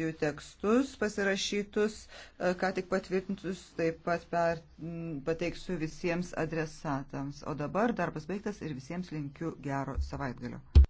jų tekstus pasirašytus, e, ką tik patvirtintus, taip pat per, pateiksiu visiems adresatams. O dabar darbas baigtas ir visiems linkiu gero savaitgalio.